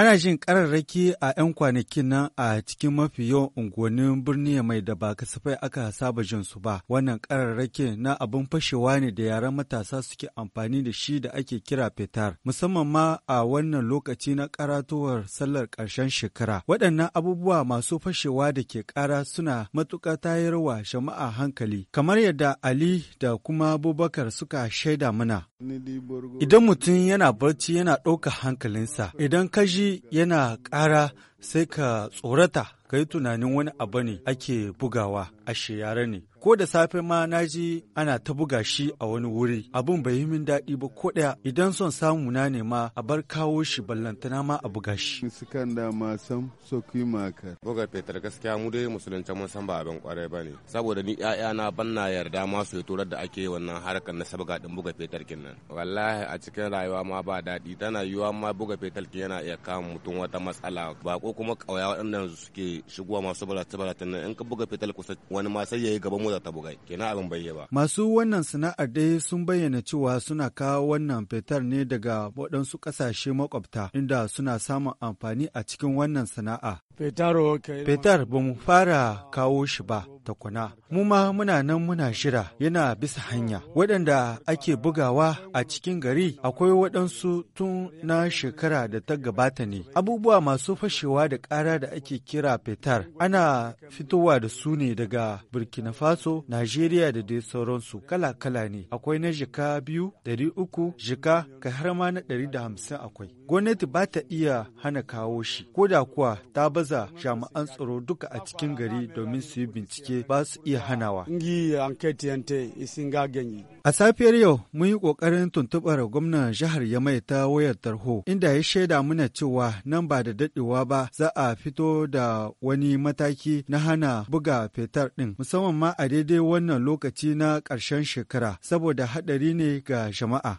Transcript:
Ana jin kararraki a 'yan kwanakin nan a cikin mafi yawan unguwannin birni mai da ba kasafai aka saba jin su ba. Wannan kararraki na abin fashewa ne da yaran matasa suke amfani da shi da ake kira fetar, musamman ma a wannan lokaci na karatuwar sallar karshen shekara. Waɗannan abubuwa masu fashewa da ke kara suna matuƙa tayarwa jama'a hankali, kamar yadda Ali da kuma Abubakar suka shaida mana. Idan mutum yana barci yana ɗauka hankalinsa, idan ka ji yana ƙara sai ka tsorata, ka yi tunanin wani abu ne ake bugawa, a yare ne. ko da safe ma na ji ana ta buga shi a wani wuri abin bai yi min daɗi ba ko ɗaya idan son samu na ne ma a bar kawo shi ballantana ma a buga shi. Sukan da ma san sokuyi makar. Buga fetar gaskiya mu dai musulunci mun san ba abin kwarai ba ne saboda ni na ban na yarda ma su turar da ake wannan harkar na sabga din buga fetar nan. Wallahi a cikin rayuwa ma ba daɗi tana yiwuwa ma buga fetar yana iya kama mutum wata matsala ba ko kuma ƙauya waɗanda suke shigowa masu barace nan in ka buga fetar kusa wani ma sai ya yi gaba mu da ta kenan abin bai ba masu wannan sana'ar dai sun bayyana cewa suna kawo wannan fetar ne daga waɗansu ƙasashe makwabta inda suna samun amfani a cikin wannan sana'a Petar ba mu fara kawo shi ba takuna. Mu ma muna nan muna shira yana bisa hanya. Waɗanda ake bugawa a cikin gari akwai waɗansu tun na shekara da ta gabata ne. Abubuwa masu fashewa da ƙara da ake kira Petar ana fitowa da su ne daga Burkina Faso, Najeriya da dai sauransu kala-kala ne. Akwai na jika biyu, ɗari uku, jika ka har ma na ɗari da hamsin akwai. Gwamnati ba ta iya hana kawo shi, ko da kuwa ta baza aza jami'an tsaro duka a cikin gari domin su yi bincike ba su iya hanawa. A safiyar yau mun yi ƙoƙarin tuntuɓar gwamnan jihar Yamai ta wayar tarho inda ya shaida mana cewa nan ba da daɗewa ba za a fito da wani mataki na hana buga fetar ɗin musamman ma a daidai wannan lokaci na ƙarshen shekara saboda haɗari ne ga jama'a.